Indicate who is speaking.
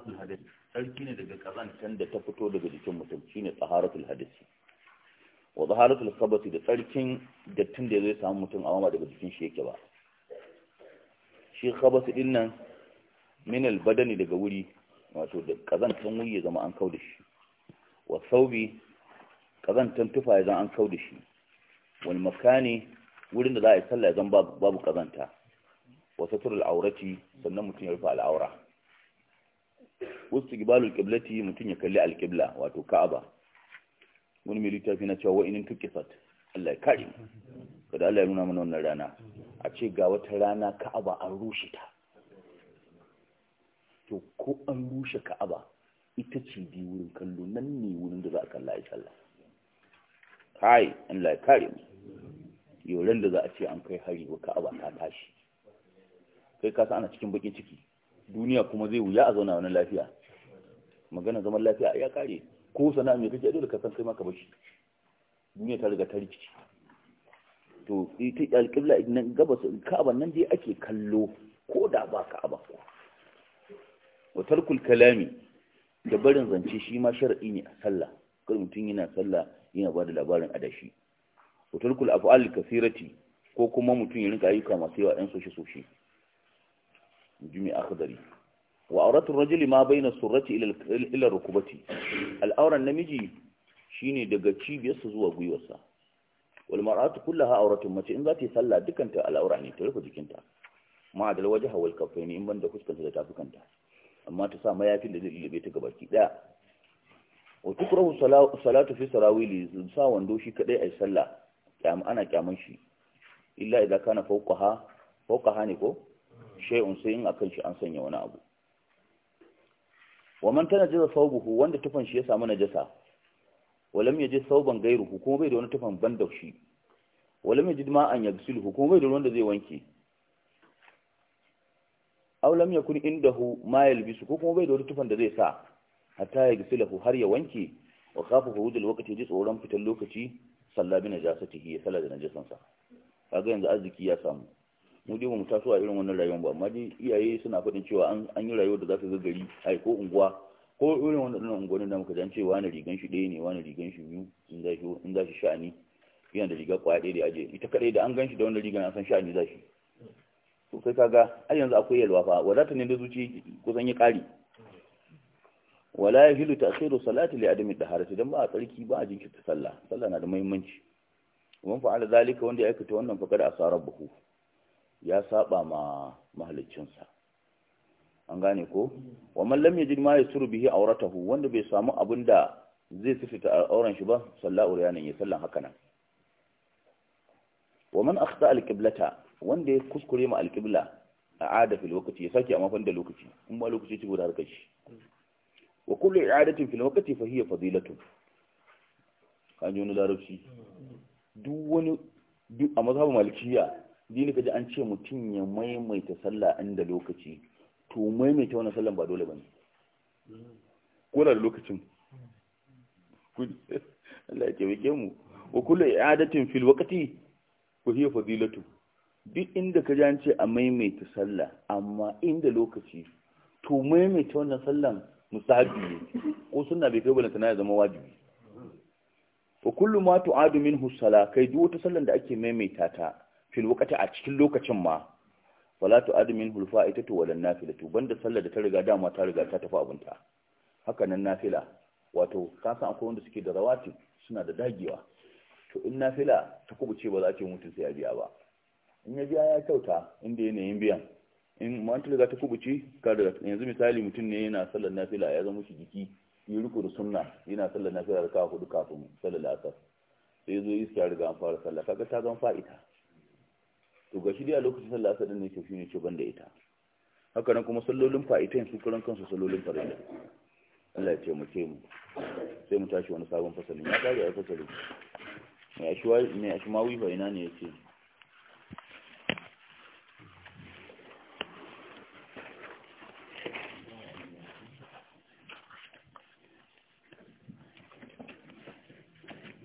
Speaker 1: taharatul hadis sarki ne daga kazantan da ta fito daga jikin mutum shine taharatul hadis wa taharatul khabati da tsarkin dattin da zai samu mutum a daga jikin shi yake ba shi khabasi din nan min badani daga wuri wato da kazantan wuri ya zama an kauda shi wa saubi kazantan tufa ya zama an kauda shi wal makani wurin da za a yi sallah ya zama babu kazanta wa saturul aurati sannan mutum ya rufe al-aura wasu gibalul qiblati mutun ya kalli alqibla wato ka'aba wani mai littafi na cewa wa'inin tukifat Allah ya kare kada Allah ya nuna mana wannan rana a ce ga wata rana ka'aba an rushe ta to ko an rushe ka'aba ita ce bi wurin kallo nan ne wurin da za a kalla insha sallah kai Allah ya kare mu yoren da za a ce an kai hari wa ka'aba ta tashi kai kasa ana cikin bakin ciki duniya kuma zai wuya a zauna wani lafiya magana zaman lafiya ya kare ko sana'a mai kake dole ka san kai ma ka bashi duniya ta riga ta rikici to ita alƙibla nan gabas ka'aba nan dai ake kallo ko da ba ka'aba ko wa tarkul kalami da barin zance shi ma shar'i ne a sallah kar mutum yana sallah yana ba da labarin adashi wa tarkul af'al kasirati ko kuma mutum ya rinka ayyuka masu yawa ɗan soshe soshe jimi akhdari wa auratun rajuli ma bayna surrati ila rukubati al'auran namiji shine daga cibiyarsa zuwa gwiwarsa wal mar'atu kullaha auratun mace in za ta yi sallah dukanta al'aura ne ta rufe jikinta ma da wajha wal kaffaini in banda fuskanta da tafukanta amma ta sa mayafin da zai lillibe ta gabaki daya wa tukrahu salatu fi sarawili sa wando shi kadai ai sallah kyam ana kyaman shi illa idan kana fawqaha fawqaha ne ko shay'un sai in akan shi an sanya wani abu wa man tanajjasa sawbuhu wanda tufan shi ya samu najasa walam yaji sawban gairu, kuma bai da wani tufan ban da shi walam yaji ma'an yaghsiluhu kuma bai da wanda zai wanke aw lam yakun indahu ma yalbisu ko kuma bai da wani tufan da zai sa hatta yaghsiluhu har ya wanke wa khafa hudul waqti ji tsoron fitan lokaci sallabi najasatihi ya salla da najasansa kaga yanzu arziki ya samu mu dai ba mu taso a irin wannan rayuwar ba amma dai iyaye suna faɗin cewa an yi rayuwar da za ka ga gari ai ko unguwa ko irin wannan unguwannin da muka dan ce wani rigan shi ɗaya ne wani rigan shi biyu in za shi in za shi sha'ani yana da riga kwaya ɗaya da aje ita kaɗai da an gan shi da wannan rigan an san sha'ani za shi to kai kaga a yanzu akwai yalwa fa wadata ne da zuci kusan ya ƙari wala ya yahilu ta'khiru salati li adami daharati dan ba a tsarki ba a jinkirta sallah sallah na da muhimmanci ومن فعل ذلك وان يأكل وان فقد عصى ربه ya saba ma sa an gane ko wa man lam yajid ma yasuru bihi auratahu wanda bai samu abinda da zai sifita auren shi ba sallahu riyanan ya sallan haka nan wa man akhta alqiblata wanda ya kuskure ma alqibla a ada fil waqti ya saki a mafan da lokaci in ba lokaci ci guda harkar shi wa kullu i'adati fil waqti fa hiya fadilatu kan yi wani larabci hmm. duk wani a mazhabu malikiya dini kaji an ce mutum ya maimaita sallah inda lokaci to maimaita wannan sallan ba dole bane ko da lokacin Allah ya taimake mu wa kullu i'adatin fil waqti wa hiya fadilatu duk inda kaji an ce a maimaita sallah amma inda lokaci to maimaita wannan sallan musabi ne ko sunna bai kai na ya zama wajibi wa kullu ma tu'adu minhu sala kai duk wata sallan da ake maimaita ta fil wakati a cikin lokacin ma wala tu'adu hulfa ita faitatu wala an-nafilatu banda sallar da ta riga dama ta riga ta tafi abunta haka nan nafila wato ka san akwai wanda suke da rawati suna da dagewa to in nafila ta kubuce ba za ce mutum sai ya biya ba in ya biya ya kyauta inda yanayin biyan in ta riga ta kubuce ka da yanzu misali mutum ne yana sallar nafila ya zama shi jiki yi riko da sunna yana sallar nafila da kawo hudu kafin sallar asar sai zo iska riga an fara sallah kaga ta zama fa'ita to gashi dai a lokacin sallah asar din ne ke shine ce banda ita haka nan kuma sallolin fa'itain su karan kansu sallolin farilla Allah ya ce mu ce mu sai mu tashi wani sabon fasalin ya kare a fasalin mai ashiwa mai ashimawi fa ina ne yake